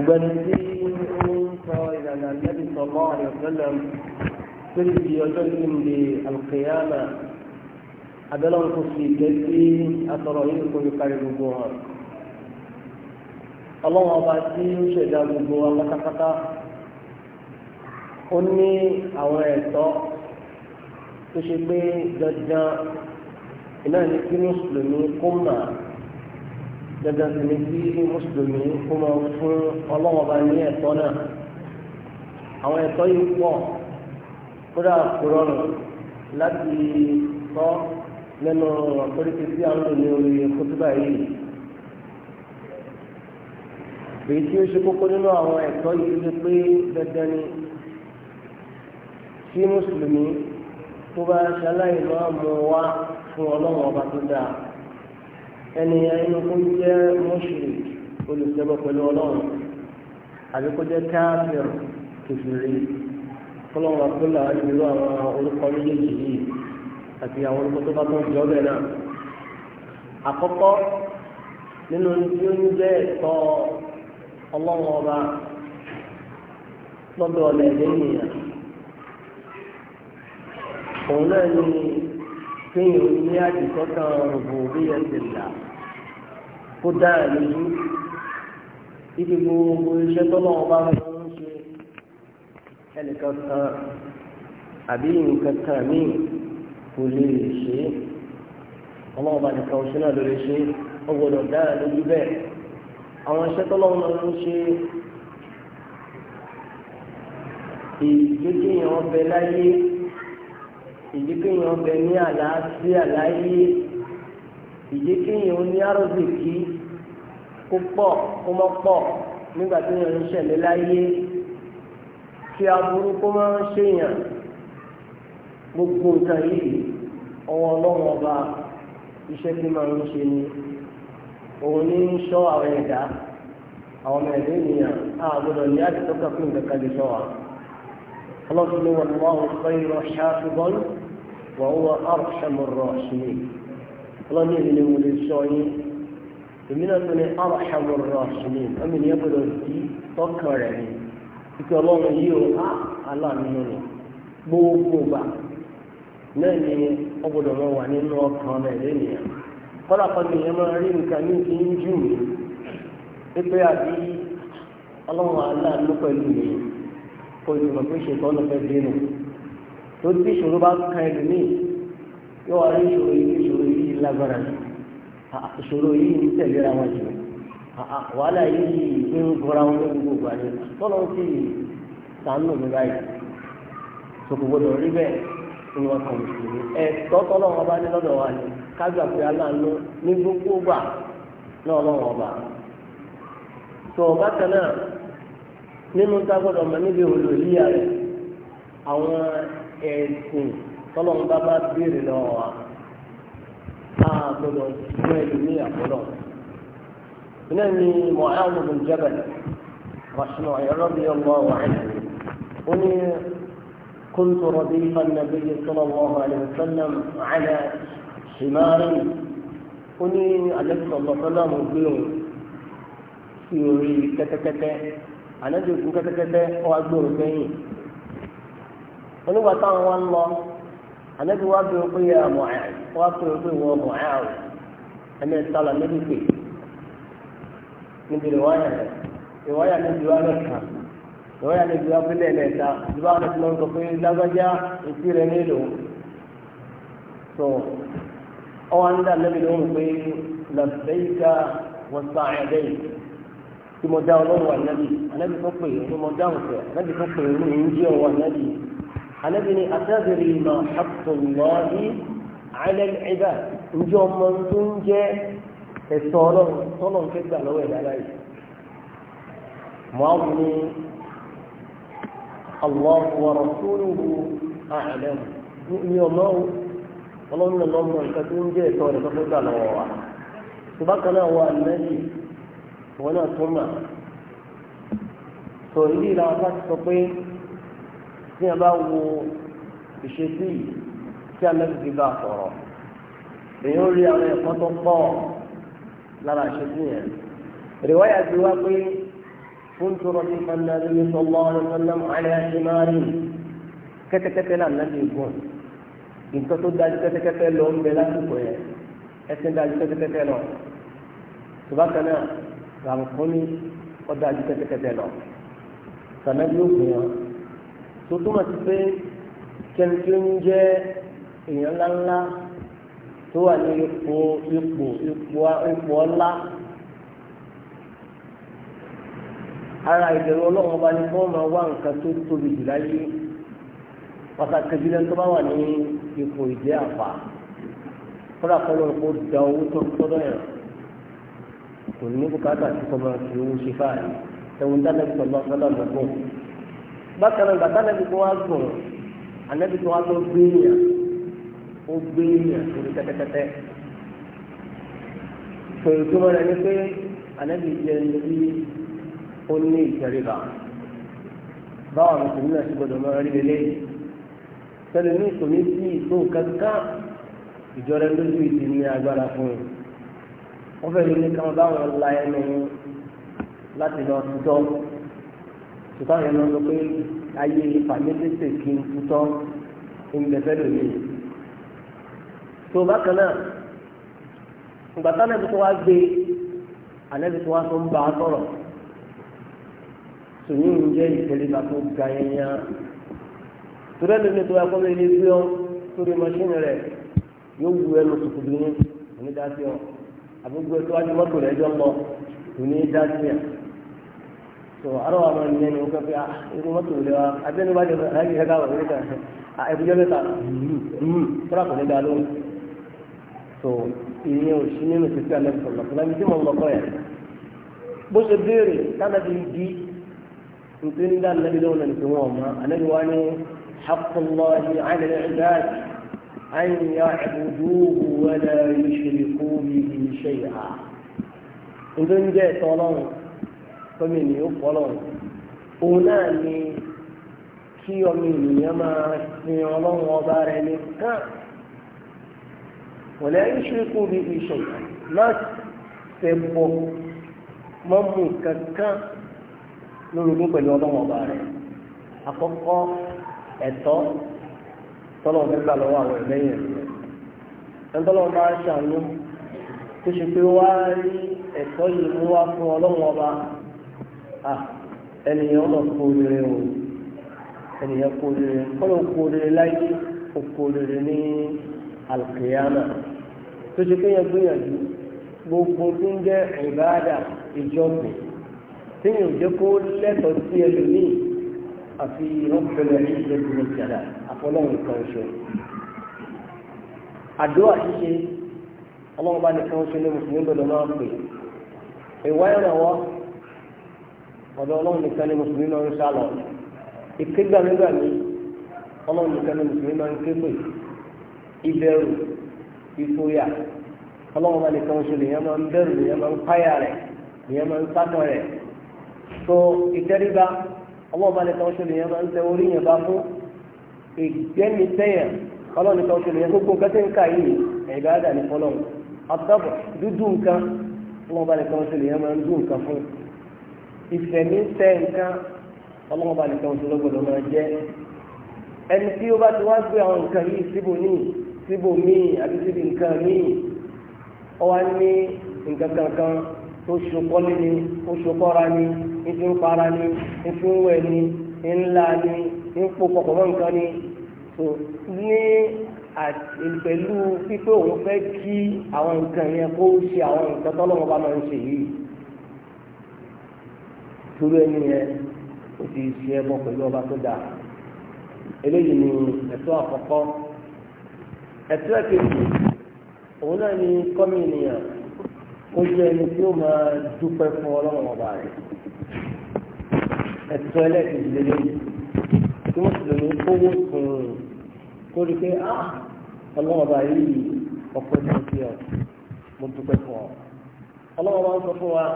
ṣùgbọ́n ní tí ó ń sọ ìlànà lẹ́bi sọ̀mọ́ àyọ̀sẹ́lẹ̀ lórí ibi ọjọ́ ìgbìmọ̀lẹ̀ alùkìyàmà abẹ́lẹ́ ọ̀kọ́ fi ìgbẹ́ sí atọ̀rọ̀ yìí kò ní kárí gbogbo hàn. ọlọ́wọ́n ọba tí ó ṣẹ̀dá gbogbo wa pátápátá ó ní àwọn ẹ̀tọ́ tó ṣe pé dandan ìnáà ní kí mùsùlùmí kó máa dandan sì ni kí mùsùlùmí kó máa fún ọlọ́mọba ní ẹ̀tọ́ náà àwọn ẹ̀tọ́ yìí pọ̀ kódà kò rọrùn láti sọ lẹ́nu àpérèké tí a ń lò ní orí kótóbà yìí èyí tí ó ṣe kókó nínú àwọn ẹ̀tọ́ yìí lè pé dandan ni tí mùsùlùmí tó bá ṣaláìmọ́ mọ́ wá fún ọlọ́mọba tó dáa. ẹnìyàn inú kó jẹ́ mọ́ṣúrì olùsẹ́gbọ́ pẹ̀lú ọlọ́run àbí kó jẹ́ káfíìr kìfìrí kọ́lọ́run àkúlà nínú àwọn orúkọ méjèèjì yìí àti àwọn orúkọ tó bá tó jọ bẹ́ẹ̀ náà. àkọ́kọ́ nínú tí ó ń jẹ́ ẹ̀tọ́ ọlọ́run ọba lọ́dọ̀ ọ̀lẹ́ lẹ́yìn òun náà ni kéèyàn ní kó dá ẹ̀ lójú ibi gbogbo iṣẹ́ tọ́lọ́ ọba máa ń ṣe ẹnìkan kan àbí nǹkan kan míì kò lè ṣe é ọlọ́ọ̀ba nìkan ọ̀ṣẹ́ náà ló lè ṣe é ó gbọ́dọ̀ dá lójú bẹ́ẹ̀ àwọn iṣẹ́ tọ́lọ́ máa ń ṣe ìdíkéyàn ọbẹ̀ láyé ìdíkéyàn ọbẹ̀ ní àlàáfíà láyé ìdí kéèyàn ó ní arọ́sì kí kó pọ̀ kó mọ́ pọ̀ nígbà tí wọ́n ń ṣẹ̀lẹ̀ láyé kí aburú kó máa ń ṣèyàn gbogbo nǹkan yìí ọwọ́ ọlọ́run ọba iṣẹ́ tí máa ń ṣe ni òun ní ń ṣọ́ àwọn ẹ̀dá àwọn ọmọ ẹ̀dá ènìyàn á gbọ́dọ̀ ní àti fún ìdẹ́ka lè ṣọ́ wa. ọlọ́run ni wọ́n wá òun fẹ́ irọ́ ṣùgbọ́n wọ́n wọ́n àrùn ṣàmùrọ̀ ṣùgbọ́n ọlọ́ni èmi ni mo lè sọ yín èmi náà tó ní arhamu rahimin ọmọ ènìyàn gbọdọ̀ sí tọkàn rẹ̀ ni ìpè ọlọ́run yìí ó á aláàánú ni gbogbo gbà náà ni ọgbọdọ̀ máa wà nínú ọkàn rẹ̀ lẹ́nìyàn kọ́lá kan ní ìyẹn máa rí nǹkan ní ti ń jù mí pípé àbí ọlọ́run aláàánú pẹ̀lú mi kò ìgbìmọ̀ pé ṣètò ọ̀nà fẹ́ dénú tó tí ìṣòro bá kan ẹlòmíì yóò wá rí ìṣòro yìí lágbára ni ìṣòro yìí ń tẹ̀léra wọn jù wàhálà yìí ń gbọ́ra wọn lórí gbogbo àná tọ́lọ́ ń sànù mi báyìí sọ̀kògbọ́dọ̀ rí bẹ́ẹ̀ kàn bá ní lọ́dọ̀ wa ni kájà pé aláàánú ní gbogbo gbà náà lọ́wọ́ tó nínú mọ níbi àwọn ẹ̀sìn bá béèrè lọ́wọ́ gbọdọ̀ fún ẹlòmíì àkọlọ́ iná ni Mu'adh bin Jabal rashinu ayọ̀rọ̀bí ọmọ wàhálà ó ní كنت رديف النبي صلى الله عليه وسلم على حمار أني عليه الصلاة والسلام قلوا في يوري كتكتة أنا جوكو كتكتة وأقول بيني أنا وطان والله ànábi wá bẹ̀rù pé yà Mu'adh wá bẹ̀rù pé wọ́n Mu'adh ẹni sálà níbi pé níbi ìwáyà rẹ̀ ìwáyà níbi wá rẹ̀ kàn ìwáyà níbi wá pé lẹ́ẹ̀lẹ́ta ìwáyà rẹ̀ fún ọkọ̀ pé lágbájá etí rẹ̀ nílò tó ọwọ́ ń dá níbi lóhùn pé làbẹ́yìká wọ́n sá ẹ̀dẹ́yì tí mo dá ọlọ́run wà nábì ànábi tó pè é mo dá òfẹ́ ànábi tó pè é mo ń jí ọwọ́ ànábi anabini atadiri ma haqqullah ala al-ibad ǹjẹ́ ọmọ tó ń jẹ́ ẹ̀sọ́ ọlọ́run tọ́lọ̀ ń fẹ́ gbà lọ́wọ́ ẹ̀dá láyé mọ́àbù ni Allah wa rasuluhu a'lam ní ọmọ ọlọ́run náà lọ́mọ nǹkan tó ń jẹ́ ẹ̀sọ́ rẹ̀ tó fẹ́ lọ́wọ́ wa tó náà wà nẹ́ẹ̀lì wọn náà tó mà sọ ìlànà láti sọ pé tí a bá wo ìṣesí tí alẹ́bìbí bá sọ̀rọ̀ èyí ó rí àwọn ẹ̀kọ́ tó pọ̀ lára ìṣesí yẹn rìwáyà ti wá pé كنت رفيقا النبي صلى الله عليه وسلم على حمار كتكتة لا النبي يكون إن كنت داج كتكتة لهم بلا سكوية ẹsìn dájú kẹtẹkẹtẹ lọ tubakẹ náà làwọn kọ́ni ọ̀dájú kẹtẹkẹtẹ lọ sànàbí ó gbìyànjú tó túmọ̀ sí pé kẹ́ni tí ń jẹ́ èèyàn ńláńlá tó wà ní ipò ipò ipò ọlá ara ìbẹ̀rù ọlọ́run ọba ni wọ́n máa wá nǹkan tó tóbi jù láyé pàtàkì jùlọ tó bá wà ní ipò ìjẹ́ àfà kódà kọ́lọ́ kó da owó tó tọ́dọ̀ yàn kò ní bùkátà tí kò máa fi owó ṣe fáàlì ẹ̀wọ̀n dáadáa tó lọ́ọ́ fẹ́lẹ́ ọ̀dọ́gbọ̀n bákan náà bàtà nàbí tó wá gùn ànábì tó wá tó gbé yàn ó gbé yàn lórí tẹ́tẹ́tẹ́tẹ́ tòun tó mọ̀ rẹ̀ ni pé ànábì jẹ́ ní ó ní ìtẹríba báwa mùsùlùmí náà ti gbọdọ̀ máa rí lélẹ́yìn sẹ́lẹ̀ ní kò ní sí ìtò kankan ìjọra lójú ìdí ní agbára fún un wọ́n fẹ́ ní káwọn báwọn la ẹnu láti lọ tutọ́ ìtàn yẹn lọ sọ pé ayé fàmílẹ́sẹ̀ kí n tutọ́ ìgbẹ́fẹ́ lòdì tó bákan náà ìgbà táwọn ẹbí tó wá gbé alẹ́bí tó wá tó ń bá a sọ̀rọ̀ sùnú ń jẹ́ ìtẹ̀lébà tó ga yẹn yá torí ẹlòmíì tó wá kọ́ lórí ilé gbé ọ́ sórí mọ́ṣínì rẹ̀ yóò wu ẹnu tùkùdù ní onídàásí ọ àbúgbò tó wájú mọ́tò rẹ̀ jọ ń onídàásí ẹ̀ so àrọ́ àwọn ọmọ ènìyàn ni wọ́n pẹ́ irú mọ́tò lè wa abẹ́ni bá jẹ́ láyé ẹ̀ka wọ̀ níta ẹ̀bùjọ́ mẹ́ta tọ́lá kò ní dá lóhùn so ìyẹn ò sí nínú títí alẹ́ sọ̀rọ̀ fúnra mi tí mo ń lọ kọ́ yẹn bó ṣe béèrè tánàbí di nítorí ní dáná níbi lóhùn náà nítorí wọn mọ wa ní haqqallahi 'ala al-'ibad an ya'buduhu wa la yushriku bihi shay'a nítorí ń jẹ́ ẹ̀tọ́ tọ́mọ ènìyàn fọlọ́ òun náà ni kí ọmọ ènìyàn máa sin ọlọ́run ọba rẹ nìkan wọ́n lè ṣe kú bí iṣẹ́ máa ṣe bọ̀ mọ́ mú kankan lórogún pẹ̀lú ọlọ́run ọba rẹ àkọ́kọ́ ẹ̀tọ́ tọ́lọ̀ nígbà lọ́wọ́ àwọn ẹ̀lẹ́yìn rẹ̀ ẹ̀ńtọ́lọ́ bá ṣàánú tó ṣe pé wá rí ẹ̀tọ́ yìí mú wá fún ọlọ́run ọba. Ah, ẹnìyàn lọ kó rere o ẹnìyàn kó rere kọ́lọ̀ kó rere láyé ó kó rere ní alkiyama tó ṣe kéèyàn gbìyànjú gbogbo tó ń jẹ́ ìbáàdà ìjọsìn téèyàn ò jẹ́ kó lẹ́tọ̀ọ́ sí ẹlòmíì àfi ọ̀pẹ̀lẹ̀ ìṣẹ́gun ìjàdá àfọlọ́run kan ṣe. àdúrà ṣíṣe ọlọ́run bá nìkan ṣe ní mùsùlùmí gbọdọ̀ máa pè ìwà ìrànwọ́ ọ̀dọ̀ ọlọ́run nìkan ni mùsùlùmí máa ń sá lọ ìkégbà nígbà mi ọlọ́run nìkan ni mùsùlùmí máa ń ké pè ìbẹ̀rù ìfòyà ọlọ́run máa nìkan oṣù lèyàn máa ń bẹ̀rù lèyàn máa ń páyà rẹ̀ lèyàn máa ń sátọ̀ rẹ̀ tó ìtẹríba ọlọ́run máa nìkan oṣù lèyàn máa ń tẹ orí yẹn bá fún ìgbẹ́mi sẹ́yìn ọlọ́run nìkan oṣù lèyàn gbogbo nǹkan tẹ́ yìí ẹ̀dá àdà ní fọlọ́run àtọ́bọ̀ dúdú nǹkan ọlọ́run máa nìkan oṣù ìfẹ̀mí tẹ nǹkan ọlọ́wọ́n bá nìkan tó lọ́gbọ̀dọ̀ máa jẹ́ ẹni tí ó bá ti wá gbé àwọn nǹkan yìí síbò ní síbò míì àti síbi nǹkan míì ọ wá ní nǹkan kankan tó ṣokọ́lé ni ó ṣokọ́ra ni ní ti ń para ni ní ti ń wẹ̀ ni ní ńlá ni ní pò pọ̀pọ̀ mọ́ nǹkan ni tó ní pẹ̀lú pípé òun fẹ́ kí àwọn nǹkan yẹn kó ṣe àwọn nǹkan tọ́lọ́wọ́n máa ń ṣe yìí torí ẹni yẹn ó ti ṣe ẹbọ pẹ̀lú ọba tó dáa eléyìí ni ẹ̀tọ́ àkọ́kọ́ ẹ̀tọ́ ẹ̀kejì òun náà ni kọ́mi ènìyàn ó jẹ́ ẹni tí ó máa dúpẹ́ fún ọlọ́run ọba rẹ̀ ẹ̀tọ́ ẹlẹ́kejì lélẹ́yìn tí wọ́n sì lè ní owó sùn kó rí pé ah ọlọ́run ọba yìí ọ̀pọ̀ ẹ̀dá ti ọ̀ mo dúpẹ́ fún ọ ọlọ́run ọba ń sọ fún wa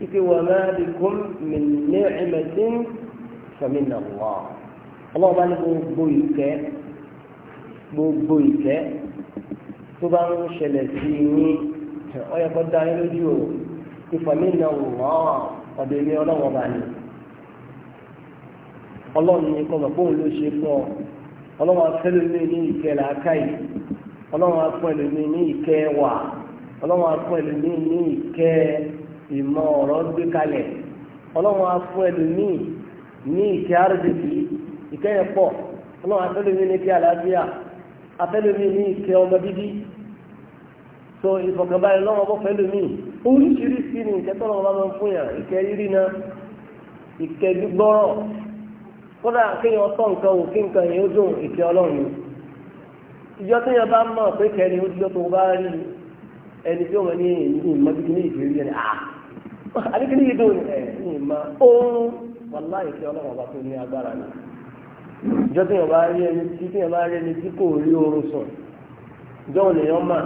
ike wà máa bí kún mi ní ẹ̀mẹ̀sìn fẹ̀mínà wà. ọlọ́run bá ní gbogbo ìkẹ́ gbogbo ìkẹ́ tó bá ń ṣẹlẹ̀ sí yín ọyọ kọ́ dá yín lójú o ìfẹ̀mínà wà ọ̀dọ̀ ilé ọlọ́run bá ní. ọlọ́run ní kọ́ bàbá òun ló ṣe fún ọ ọlọ́run afẹ́lẹ́ ní ìkẹ́ làákàyè ọlọ́run afẹ́lẹ́ ní ìkẹ́ wà ọlọ́run afẹ́lẹ́ ní ìkẹ́ ìmọ̀ ọ̀rọ̀ gbé kalẹ̀ ọlọ́run afọ ẹlòmíì ní ìkẹ́ àrùdìkì ìkẹyẹ pọ̀ ọlọ́run afẹ́lómi ní ìkẹ́ àlàáfíà afẹ́lómi ní ìkẹ́ ọmọ bíbí so ìfọ̀kànbalẹ̀ lọ́wọ́ ọmọ fẹ́lómìí oríṣiríṣi ni ìkẹ́ tọ́lọ́ ọba máa ń fún yàn ìkẹ́ rírí náà ìkẹ́ gbígbọ́rọ̀ kódà kéèyàn ọtọ́ nǹkan wò kí nǹkan yẹn ó dùn ìkẹ́ ọlọ́run ìjọ tó yẹn bá mọ̀ pé kẹ́ni ó dijọ́ tó bá rí ẹni tí ó àdékìlì yìí dùn ẹ̀ ní ìmọ̀ ohun wàlá ìfẹ́ ọlọ́run ọba tó ní agbára ni ìjọ tí yẹn bá rí ẹni tí tí yẹn bá rí ẹni tí kò rí oorun sùn ìjọ òun lèèyàn mà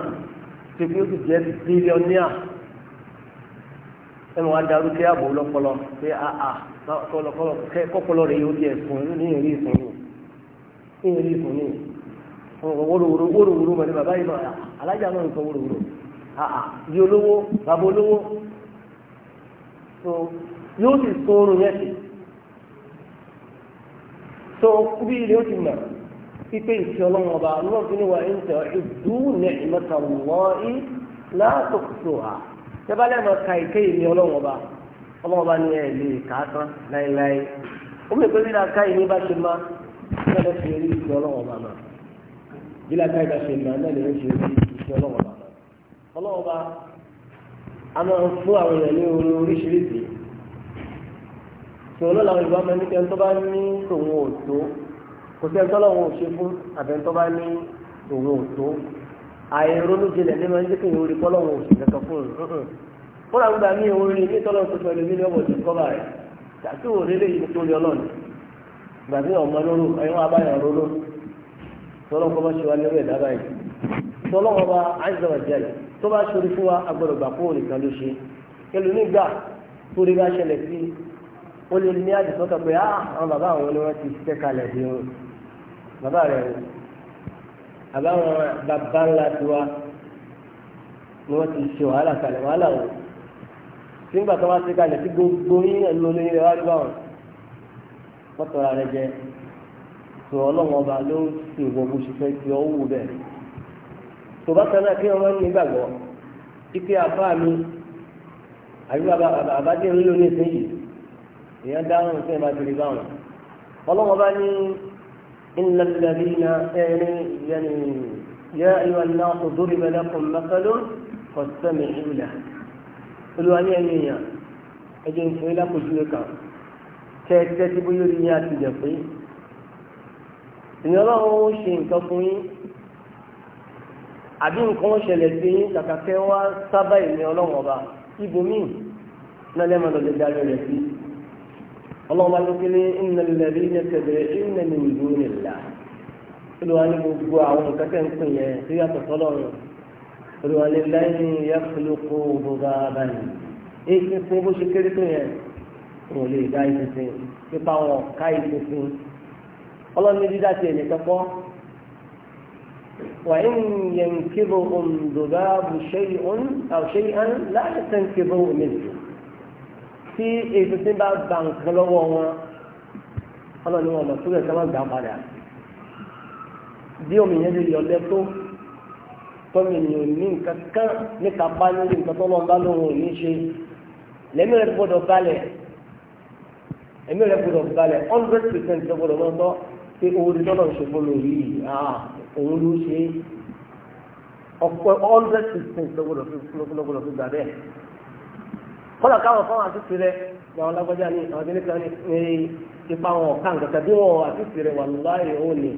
ṣe pé ó sì jẹ́ bílíọ̀nìà ẹ mọ̀ wá darú kí ààbò lọ́pọlọ pé àà kọ́lọ́kọ́lọ́ kọ́pọlọ rẹ̀ yóò di ẹ̀sùn ní ìrí ìsùn ní ìrí ìsùn ní wórówóró wórówóró mọ̀ ní bàbá yìí náà alájà náà ń sọ wórówóró àà di olówó bàbá olówó so yóò sì so yẹn so bí ilé ó ti mọ̀ pípé ìṣe ọlọ́run ọba lọ́wọ́ fi ni wà ń tẹ̀ ìdú nìmọ̀tà wọ́ọ́í látòkòtò à tẹ́bálẹ̀ máa ka ìké ìní ọlọ́run ọba ọlọ́run ọba ní ẹ̀ lè kà á tán láéláé ó mú ìpèsè náà ká ìní bá ṣe má náà lè fi a máa ń fún àwọn èèyàn ní orin oríṣiríṣi tòun náà làwọn ìlú ọmọ ẹnikẹ́ni tó bá ní tòun ò tó kò sí ẹni tó lọ́wọ́ ò ṣe fún àbẹ̀ni tó bá ní tòun ò tó àìrónú jinlẹ̀ ní máa ń jẹ́ kí ìwé orí kọ́ lọ́wọ́ ò ṣe kẹ́kọ̀ọ́ fún un fúnra gbogbo àmì orin ní tọ́lọ́ tó pẹ̀lú mílíọ̀nù ọmọ òṣèlú kọ́ba rẹ̀ tàbí wò lé léyìí nítorí ọlọ́ọ̀ni gbàgbé ọmọ lóró ẹ̀yìn wọn abáyọ̀ róró tọ́lọ́ kọ́ bá ṣe wá lérò ẹ̀dá báyìí tọ́lọ́ wọn tó bá ṣorí fún wa agbọ́dọ̀ gbà fún òrìkan ló ṣe kẹlò nígbà tó rí bá ṣẹlẹ̀ sí ó lè ní àdìsọ́kà pé á ah, àwọn bàbá àwọn ni wọ́n ti ṣiṣẹ́ kalẹ̀ dé wọn bàbá rẹ̀ wò àbáwọn bàbá ńlá tiwa ni wọ́n ti ṣe wàhálà kalẹ̀ wàhálà wò nígbà tó wá ṣe kalẹ̀ sí gbogbo yín ẹnu olóyin rẹ̀ wá rí báwọn wọ́n tọ́ra rẹ̀ jẹ tó ọlọ́wọ́n ọba ló ń ṣèwọ́ bó ṣe fẹ́ kí ọ wù bẹ́ẹ̀ tó bá kan náà kí wọ́n máa ń nígbàgbọ́ ike àbá mi àbí àbájẹ ńlò ní ìsinyìí èèyàn dáhùn sí ẹ̀ máa tẹ̀lé báwọn ọlọ́wọ́n bá ní ìnlẹ̀lẹ̀lẹ́bí na ẹ̀rín yẹnì yẹ ìwà náà kò dórí mẹ́lẹ́ kò mẹ́kẹ́ló kò sẹ́mi ìlẹ̀ olúwa ní ẹ̀yìn èèyàn ẹ̀jẹ̀ ń fún ilé àpòjúwe kan kẹ́ẹ̀kẹ́ tí bóyá orí yẹn àti jẹ̀ ìyọ́nà ó ṣe nǹkan fún yín àbí nǹkan ṣẹlẹ̀ sí yín kàkà kẹ́ wá sábà ìní ọlọ́run ọba ibòmíì náà lẹ́mọ̀ lọ́dẹ darí rẹ̀ sí. ọlọ́run bá ló kí ní innal ladhina tad'una min dunillah. olùwà ní gbogbo àwọn nǹkan tẹ̀ ń pè yẹn sí yàtọ̀ sọ́lọ́run. olùwà ní lẹ́yìn yakhluqu dhubaban. èyí fún bó ṣe kéré tó yẹn kò lè dá ìsinsin pípa wọn ká ìsinsin. ọlọ́run ní dídá وإن ينكبهم ذباب شيء أو شيئا لا يستنكبه منه tí èso tí ń bá gba nǹkan lọ́wọ́ wọn ọlọ́run ni wọn lọ sórí ẹ̀ka máa gbà padà bí omi yẹn lè yọ lẹ́tọ́ tọ́mi ènìyàn ní nǹkan kan níta bá lórí nǹkan tó lọ́n bá lóhun ò ní ṣe lẹ́mí rẹ̀ gbọ́dọ̀ balẹ̀ ẹ̀mí rẹ̀ gbọ́dọ̀ balẹ̀ hundred percent gbọ́dọ̀ lọ́tọ́ pé owó tí tọ́lọ̀ ń ṣe fún mi yìí ah òun ló ṣe ọ̀pọ̀ hundred percent lọ́gbọ́dọ̀ fi gbà bẹ́ẹ̀. kọ́lá káwọn fáwọn àtúntì rẹ làwọn lágbájá ní àwọn abẹ́lé kan ní ipa wọn ọ̀kan kankan bí wọn àtúntì rẹ wà láàyè òun ni.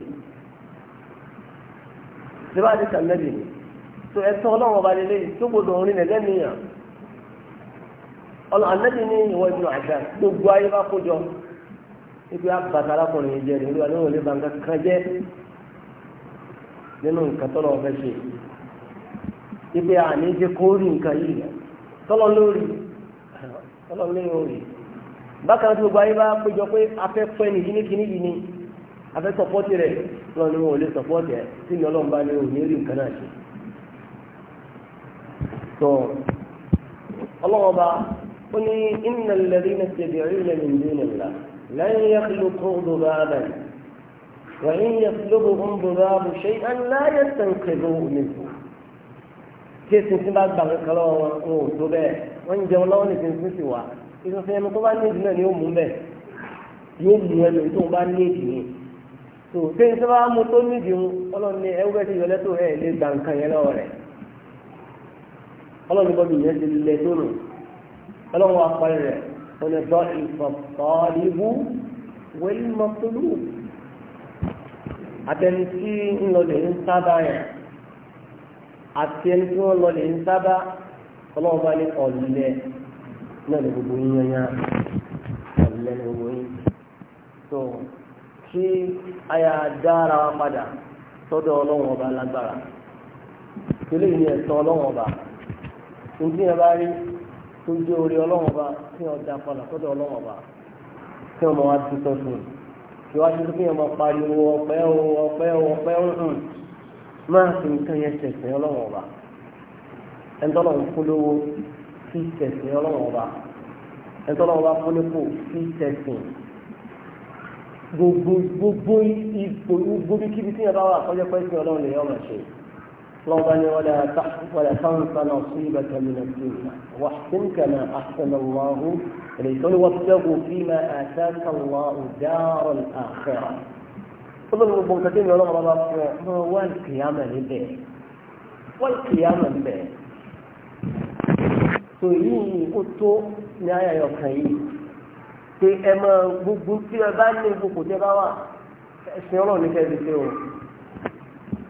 síbá àti kàmẹ́lì ni tó ẹ̀tọ́ ọlọ́run ọba lélẹ́ yìí tó gbọdọ̀ orin nẹ̀ lẹ́nìyàn. ọlọ́run anẹ́bí ní ìwọ ìbùnú àṣà gbogbo ayé bá kó jọ ibi àbàtà arákùnrin yìí jẹ nínú nǹkan tọ́lọ̀ fẹ́ ṣe ibi àní jẹ́ kó rí nǹkan yìí tọ́lọ̀ lórí tọ́lọ̀ lórí bákan tí gbogbo ayé bá péjọ pé afẹ́fẹ́ ni yìí yìí ni afẹ́ sọpọ́tì rẹ̀ lọ ni wọn ò lè sọpọ́tì ẹ̀ tí ni ọlọ́run bá ní òní rí nǹkan náà ṣe. tó ọlọ́run bá ó ní وإن يطلبهم ذباب شيئا لا يستنقذوه منه tí èsì tí bá gbàgbé kan lọ́wọ́ wọn ò tó bẹ́ẹ̀ wọ́n ń jẹun lọ́wọ́ nìkan tí sì wà ìsọ̀sẹ̀ ẹni tó bá ní ìdí ni ó mú bẹ́ẹ̀ yóò mú ẹnu tó ń bá ní èdè tó téyìn tí wọ́n mú tó ní ìdí wọn ní ẹwú bẹ́ẹ̀ ti yọ lẹ́tọ̀ ẹ̀ lé gba nǹkan yẹn lọ́wọ́ rẹ̀ ọlọ́run bọ́ yẹn ti lẹ tó nù ọlọ́run wa parí rẹ̀ ọ̀nà àtẹni tí ń lọlẹ̀ ń sábà yẹn àti ẹni tí wọ́n lọlẹ̀ ń sábà bá ní ọ̀lẹ́ náà gbogbo yín yányá ọ̀lẹ́ ní gbogbo yín tó kí aya dára wa padà sọ́dọ̀ ọlọ́run ọba lágbára tẹ́lẹ̀ ní ẹ̀sán ọlọ́run ọba ojú yẹn bá rí tó jẹ́ orí kí wá sí pé ọmọ pariwo ọpẹ́ o ọpẹ́ o ọpẹ́ o hàn hmm. máa fi nǹkan yẹn ṣẹ̀ṣẹ̀ ọlọ́wọ́n ọba ẹ̀ńtọ́lọ́ polówó fi ṣẹ̀ṣẹ̀ ọlọ́wọ́n ọba ẹ̀ńtọ́lọ́ ọba fúnipò fi ṣẹ̀ṣẹ̀ gbogbo gbogbo ipò tí yẹn bá wà kọjá pẹ́ sí ọlọ́run lè yọ ọmọ ṣe. ربنا ولا تحف ولا تنس نصيبك من الدنيا واحسن كما احسن الله اليك وابتغوا فيما اتاك الله دار الاخره فضل المبتدئين يقولون الله ما هو القيامة لبيه والقيامة لبيه سويني قلت نايا يوكاي تي اما بوبو تي باني بوبو تي باوا اسمي الله نكاي بيتيو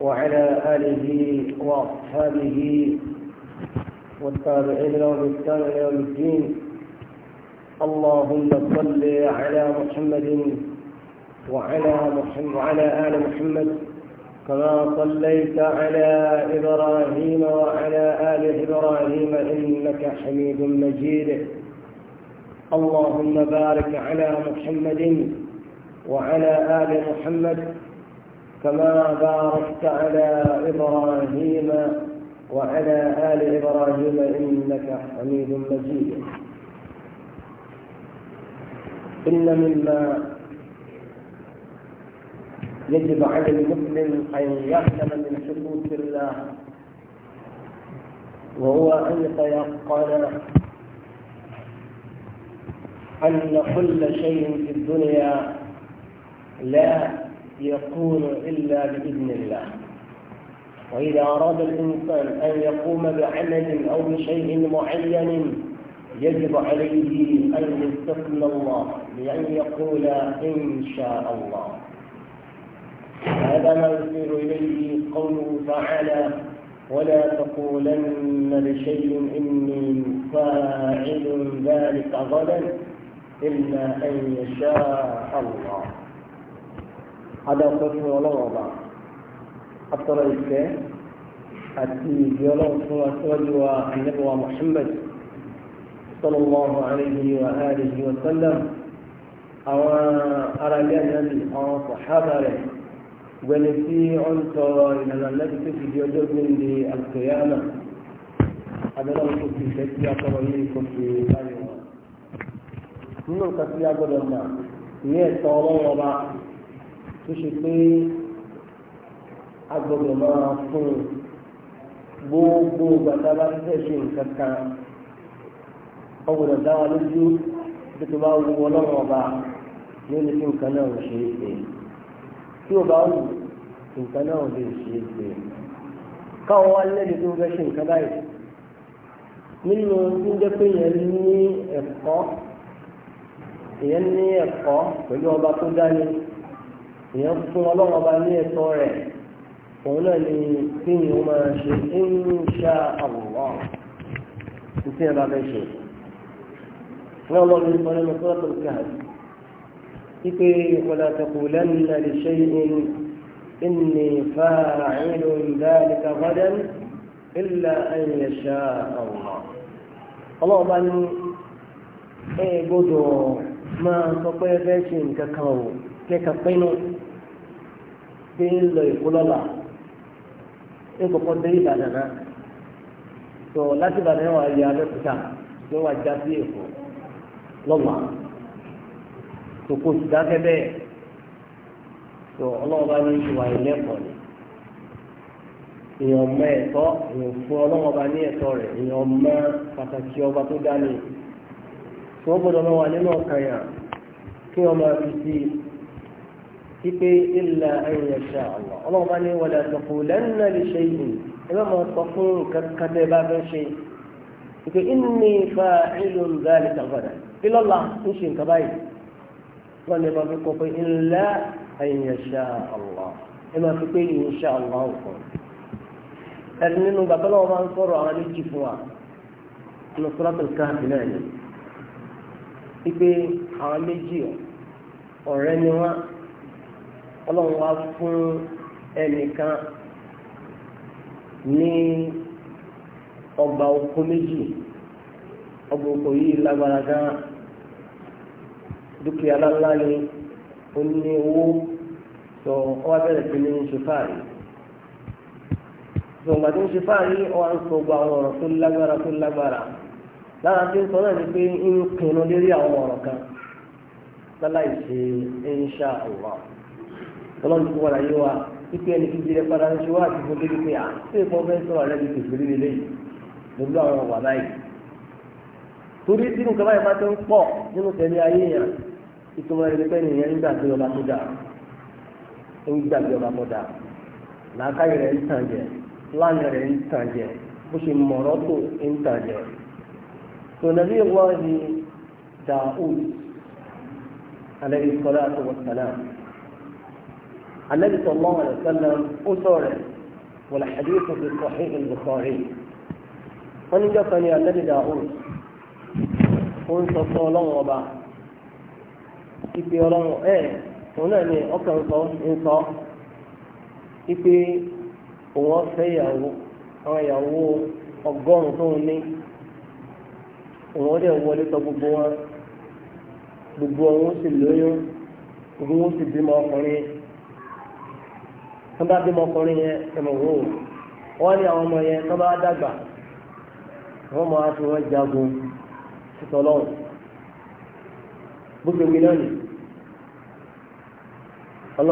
وعلى آله وأصحابه والتابعين لهم الإسلام إلى يوم الدين اللهم صل على محمد وعلى محمد وعلى آل محمد كما صليت على إبراهيم وعلى آل إبراهيم إنك حميد مجيد اللهم بارك على محمد وعلى آل محمد كما باركت على إبراهيم وعلى آل إبراهيم إنك حميد مجيد إن مما يجب على المسلم أن يعلم من حدود الله وهو أن يتيقن أن كل شيء في الدنيا لا يكون إلا بإذن الله وإذا أراد الإنسان أن يقوم بعمل أو بشيء معين يجب عليه أن يستثنى الله بأن يقول إن شاء الله هذا ما يشير إليه قوله تعالى ولا تقولن لشيء إني فاعل ذلك غدا إلا أن يشاء الله adáwọ̀pẹ́ fún ọlọ́run ọba atọ́rọ ìfẹ́ àti ìdí ọlọ́run fún aṣíwájú wa ànábì wa Muhammad sallallahu alayhi wa alihi wa sallam àwọn ará ilé ànábì àwọn sàhábà rẹ̀ gbẹni tí ó ń ìlànà ànábì fi di ọjọ́ gbẹ̀ndé alkiyama abẹ́rẹ́ kò fi ìfẹ́ tí a yìí kò fi báyìí wọn. nínú nǹkan tí a gbọ́dọ̀ ẹ̀tọ́ ọlọ́run ọba tó ṣe pé a gbọ́dọ̀ máa fún un gbogbo gbàtà bá fẹ́ ṣe nǹkan kan wọ́n gbọ́dọ̀ dá wa lójú bí tó bá wù ọlọ́run ọba ní ó ní kí nǹkan náà ò ṣe é ṣe tí ó bá wù nǹkan náà ò lè ṣe é ṣe káwọn wá lẹ́nu tó fẹ́ ṣe nǹkan báyìí nínú tí ń jẹ́ pé yẹn ní ẹ̀kọ́ ìyẹn ní ẹ̀kọ́ pẹ̀lú ọba tó dání èèyàn fún ọlọ́run ọba ní ẹ̀tọ́ rẹ̀ òun náà ni kéèyàn ó máa ṣe insha Allah títí ẹ̀ bá fẹ́ ṣe. wọ́n lọ ní ìfọ̀nà ní sọ́ọ̀tù káàd ipe wala taqulanna li shay'in inni fa'ilun dhalika ghadan illa an yasha Allah. ọlọ́run bá ní ẹ gbọ́dọ̀ máa sọ pé ẹ fẹ́ ṣe nǹkan kan o. kẹ́kẹ́ pinnu pé ń lọ èkó lọ́la ń kọ́kọ́ dé ìbàdàn náà tó láti ìbàdàn yẹn wà yẹ abẹ́kúta ló wà já sí èkó lọ́la tó kó sì dákẹ́ tó ọlọ́run ní ìwà ìlẹ́kọ̀ọ́ ni èèyàn mọ ẹ̀tọ́ èèyàn fún ọlọ́run ní ẹ̀tọ́ rẹ̀ èèyàn mọ pàtàkì ọba tó dá fi pípé ilà ẹ̀yẹ̀ṣà ọ̀nà ọlọ́ọ̀bá ní wọlé àtọ̀kù lẹ́nà lè ṣe ìlú ẹ bá máa sọ fún nǹkan kan tẹ́ bá fẹ́ ṣe pípé ìní fa ìlú ńlá lè tàgbàdà bí lọ́la ń ṣe nǹkan báyìí wọ́n ní bá fi kọ́ pé ilà ẹ̀yẹ̀ṣà ọ̀nà ẹ máa fi pé ìyẹ̀ṣà ọ̀nà ọ̀kan ẹ̀rí nínú bàtà lọ́wọ́ máa ń sọ̀rọ̀ àwọn méjì fún wa nínú ọlọ́run wá fún ẹnìkan ní ọgbà oko méjì ọgbà oko yìí lágbára gan dúkìá ńláńlá ni ó ní owó tó wá bẹ̀rẹ̀ sí ní ṣe fáàrí tòǹgbà tó ń ṣe fáàrí ọ̀ ń sọ gba àwọn ọ̀rọ̀ tó lágbára tó lágbára lára tí ń sọ náà ni pé ń pinnu lérí àwọn ọ̀rọ̀ kan láláì ṣe ọlọ́run ti wọ́n láyé wa pípẹ́ ẹni kíkí rẹ padà ń ṣe wá àti fún débi pé à ń pè fún ọfẹ́ sọ̀rọ̀ rẹ bí kèfèrí lè léyìí pẹ̀lú àwọn ọ̀wà báyìí. torí tí nǹkan báyìí bá ti ń pọ̀ nínú tẹ̀lé ayé yẹn ìtumọ̀ rẹ̀ pẹ́ nìyẹn ń gbàgbé ọba tó dà ń gbàgbé ọba tó dà làákàyè rẹ̀ ń tàn jẹ láàyè rẹ̀ ń tàn jẹ bó ṣe mọ̀rọ́ tó ń tàn jẹ. tònàbí النبي صلى الله عليه وسلم أسر والحديث في صحيح البخاري ونجفني النبي داود أنت صلى الله ìpè ọlọ́run ẹ̀ òun náà ni ọkàn ń sọ ń sọ ìpè òun ọ̀fẹ́ ìyàwó àwọn ìyàwó ọgọ́rùn-ún tó ní òun ọdẹ wọlé tọ̀ gbogbo wọn gbogbo wọn sì lóyún òun ó sì bímọ ọkùnrin. tó bá bímọ ọkùnrin yẹn ẹmọ wò ó wọn àwọn ọmọ yẹn tó bá dàgbà wọn wọn jagun títọ gbogbo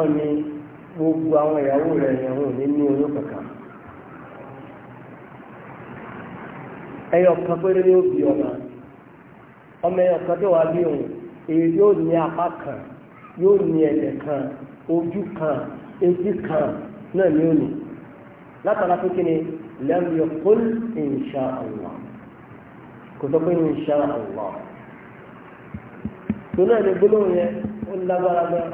ni gbogbo àwọn ìyàwó yẹn wọn oyún etí kan náà ni ó nì látara pé kí ni lam yaqul insha Allah kò sọ pé insha Allah tó náà ni gbólóhùn yẹn ó lágbára gan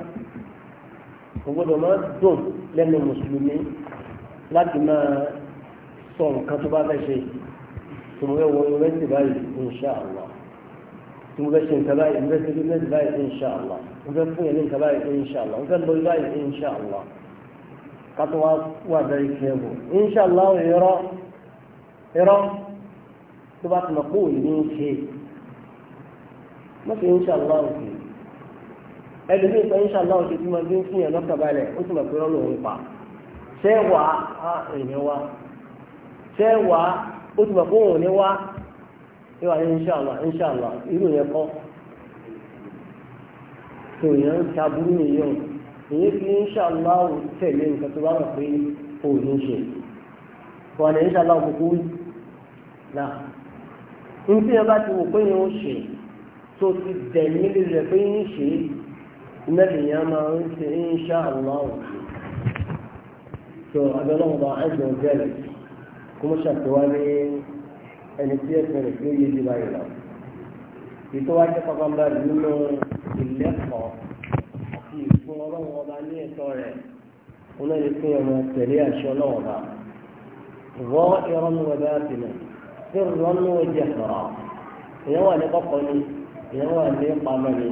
kò gbọdọ̀ máa dùn lẹ́nu mùsùlùmí láti máa sọ nǹkan tó bá fẹ́ ṣe tòmọ́wé wọ yunifásitì báyìí insha Allah tí mo fẹ́ ṣe nǹkan báyìí mo fẹ́ ṣe bímẹ́sì báyìí inṣàlá mo fẹ́ fún yẹn ní nǹkan báyìí inṣàlá mo fẹ́ lọ báyìí inṣàlá kátó wá wà bẹ́ẹ̀ kẹ́ẹ̀bù inṣàlá irọ́ irọ́ tó bá tún kó òní ń ṣe mọ́tò inṣàlá òkè ẹlòmíì sọ inṣàlá òkè tí mo fi ń fún yẹn lọ́kàn balẹ̀ ó sì mọ̀ pé rọ́ọ̀lù òun pa ṣẹ́wàá á èèyàn wá ṣẹ́wàá ó sì mọ̀ pé òun ní wá yóò wá ní inṣàlá inṣàlá irú yẹn kọ́ tó yẹn ń taburú nìyẹn èyí fi inṣàlá ò tẹ̀lé nǹkan tó bá wà pé kò ní ṣe wà ní inṣàlá òkùnkùn wí náà ní tí yẹn bá ti wò pé yẹn ó ṣe tó ti dẹ̀ nílé rẹ̀ pé yẹn ṣe mẹ́rin yẹn máa ń ṣe inṣàlá òkùnkùn tó abẹ́lẹ́ wọn bá ẹ̀jẹ̀ ọ̀gẹ́rẹ̀ kó mọ́ ṣàtìwá ní ẹni tí ẹsẹ̀ rẹ̀ tí ó yé jùlọ yìí lọ. ìtọ́wájú pàpàǹbà nínú ìlẹ́kọ̀ọ́ àti ìfún ọlọ́run ọba ní ẹ̀tọ́ rẹ̀ olóyè pé ọmọ tẹ̀lé àṣọ ọlọ́run ọba. wọ́ ìrọ́nù ọba àtìmọ̀ tí ìrọ́nù ọjà sọ̀rọ̀ èèyàn wà ní kọ́kọ́ ni èèyàn wà ní pamọ́ ni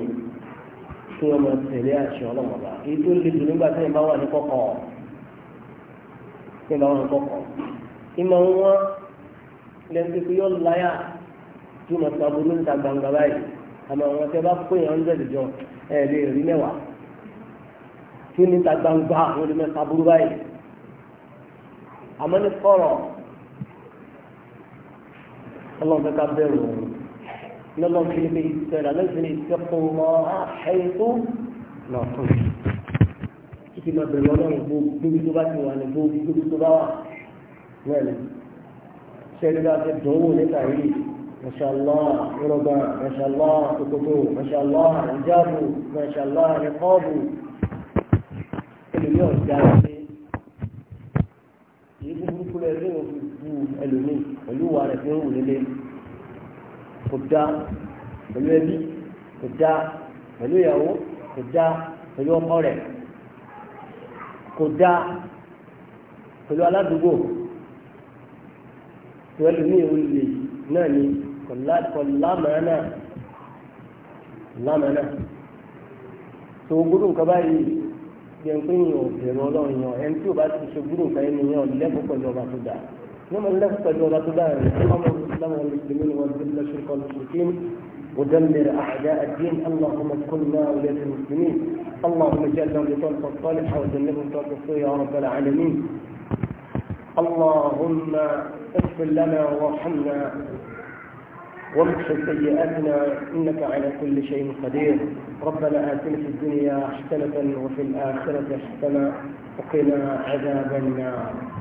pé ọmọ tẹ̀lé àṣọ ọlọ́run ọba. èyí tó nígbà tí ìbá wà ní kọ́kọ́ ìbá wà ní kọ́kọ́ lẹ́nu pé yọ láyà tí mo sọ aburú níta gbangba báyìí àmọ́ àwọn tẹ bá pè yàn ọ́njẹ́ ìjọ ẹ lè rí mẹ́wàá tí níta gbangba àwọn ọdún mẹ́ta aburú báyìí àmọ́ ní kọ́rọ̀ ọlọ́run fẹ́ ká bẹ̀rù òun lọ́lọ́run fi lè sọ̀rọ̀ lọ́sìn ìṣẹ́kùn mọ́ àṣẹ́yìntó náà fún mi. títí máa bẹ̀rù ọlọ́run gbogbo tó bá ti wà ní gbogbo tó bá wà wẹ́ẹ̀lì. سيدا تدعو لتعيد ما شاء الله ربا ما شاء الله كتبو ما شاء الله عجابو ما شاء الله رقابو اليوم جالسين yìí burúkú lẹ lé wọn fi bu ẹlòmíì pẹ̀lú wa rẹ̀ fi ń wù lélẹ̀ kò dá pẹ̀lú ẹbí kò dá pẹ̀lú ìyàwó kò dá pẹ̀lú ọkọ pẹ̀lú aládùúgbò pẹ̀lú ní ìwé ilé náà ni kọ̀lámàánà lámàánà tó gbódò nǹkan báyìí jẹun pé yìnyín òbẹ̀rù ọlọ́run yàn ẹni tí o bá ti ṣe gbódò nǹkan yẹn nìyẹn lẹ́kọ̀ọ́ pẹ̀lú ọba tó dáa ní ọmọ lẹ́kọ̀ọ́ pẹ̀lú ọba tó dáa rẹ̀ ọmọ ìsìlámù wọn mùsùlùmí ni wọn ti lọ ṣe kọ́ ودمر أعداء الدين اللهم اذكرنا ولاة المسلمين اللهم اجعلنا بطلقة صالحة وجنبهم طلقة يا رب العالمين اللهم اغفر لنا وارحمنا وامحي سيئاتنا انك على كل شيء قدير ربنا اتنا في الدنيا حسنه وفي الاخره حسنه وقنا عذاب النار